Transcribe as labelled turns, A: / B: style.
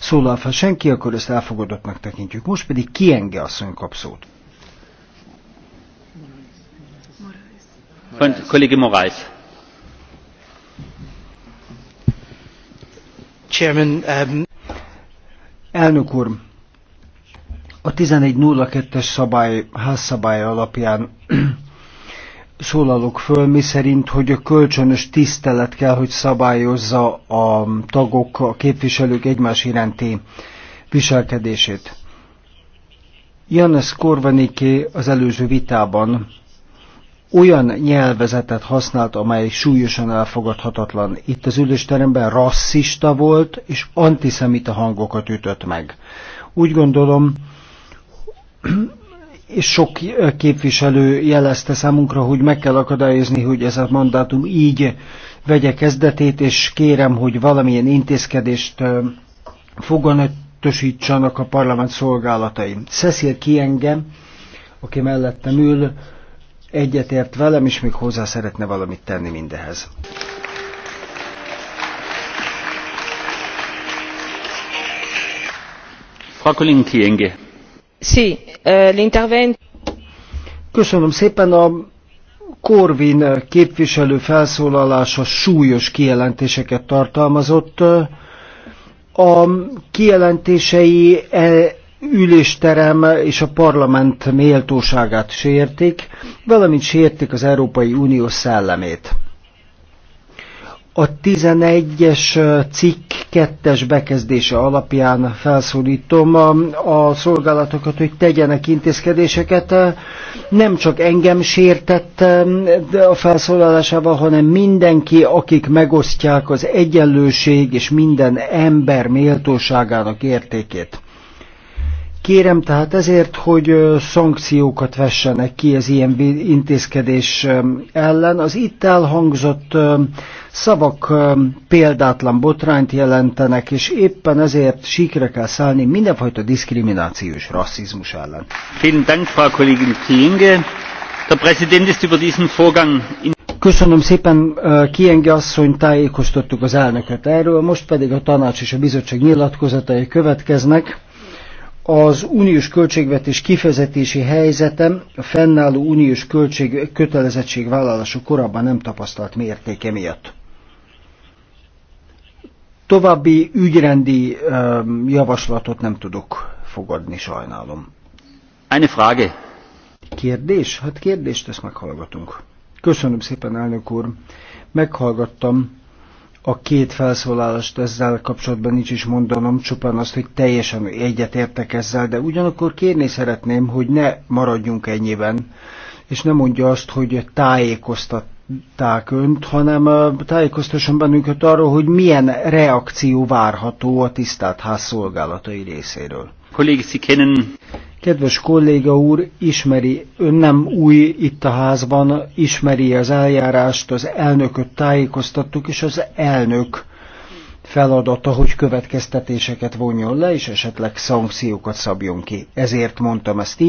A: szólal fel senki, akkor ezt elfogadottnak tekintjük. Most pedig Kienge asszony kap szót. Kollégi Moraes. Chairman, um... Elnök úr, a 11.02-es szabály, házszabály alapján szólalok föl, mi szerint, hogy a kölcsönös tisztelet kell, hogy szabályozza a tagok, a képviselők egymás iránti viselkedését. Janesz Korvaniké az előző vitában olyan nyelvezetet használt, amely súlyosan elfogadhatatlan. Itt az ülésteremben rasszista volt, és antiszemita hangokat ütött meg. Úgy gondolom, és sok képviselő jelezte számunkra, hogy meg kell akadályozni, hogy ez a mandátum így vegye kezdetét, és kérem, hogy valamilyen intézkedést foganatosítsanak a parlament szolgálatai. Cecil Kiengem, aki mellettem ül, egyetért velem, és még hozzá szeretne valamit tenni mindehez. Frau Kollegin Kienge. Sí, Eh, Köszönöm szépen a Korvin képviselő felszólalása súlyos kijelentéseket tartalmazott. A kijelentései e, ülésterem és a parlament méltóságát sértik, valamint sértik az Európai Unió szellemét. A 11-es cikk kettes bekezdése alapján felszólítom a, a szolgálatokat, hogy tegyenek intézkedéseket. Nem csak engem sértett a felszólalásával, hanem mindenki, akik megosztják az egyenlőség és minden ember méltóságának értékét. Kérem tehát ezért, hogy szankciókat vessenek ki az ilyen intézkedés ellen. Az itt elhangzott szavak példátlan botrányt jelentenek, és éppen ezért síkre kell szállni mindenfajta diszkrimináció és rasszizmus ellen. Köszönöm szépen, Kienge asszony, tájékoztattuk az elnöket erről, most pedig a tanács és a bizottság nyilatkozatai következnek az uniós költségvetés kifezetési helyzetem a fennálló uniós költség kötelezettségvállalása korábban nem tapasztalt mértéke miatt. További ügyrendi javaslatot nem tudok fogadni, sajnálom. Eine Frage. Kérdés? Hát kérdést ezt meghallgatunk. Köszönöm szépen, elnök úr. Meghallgattam a két felszólalást ezzel kapcsolatban nincs is mondanom, csupán azt, hogy teljesen egyetértek ezzel, de ugyanakkor kérni szeretném, hogy ne maradjunk ennyiben, és ne mondja azt, hogy tájékoztatták önt, hanem tájékoztasson bennünket arról, hogy milyen reakció várható a tisztelt ház szolgálatai részéről. Kollégi Kedves kolléga úr, ismeri, ön nem új itt a házban, ismeri az eljárást, az elnököt tájékoztattuk, és az elnök feladata, hogy következtetéseket vonjon le, és esetleg szankciókat szabjon ki. Ezért mondtam ezt így.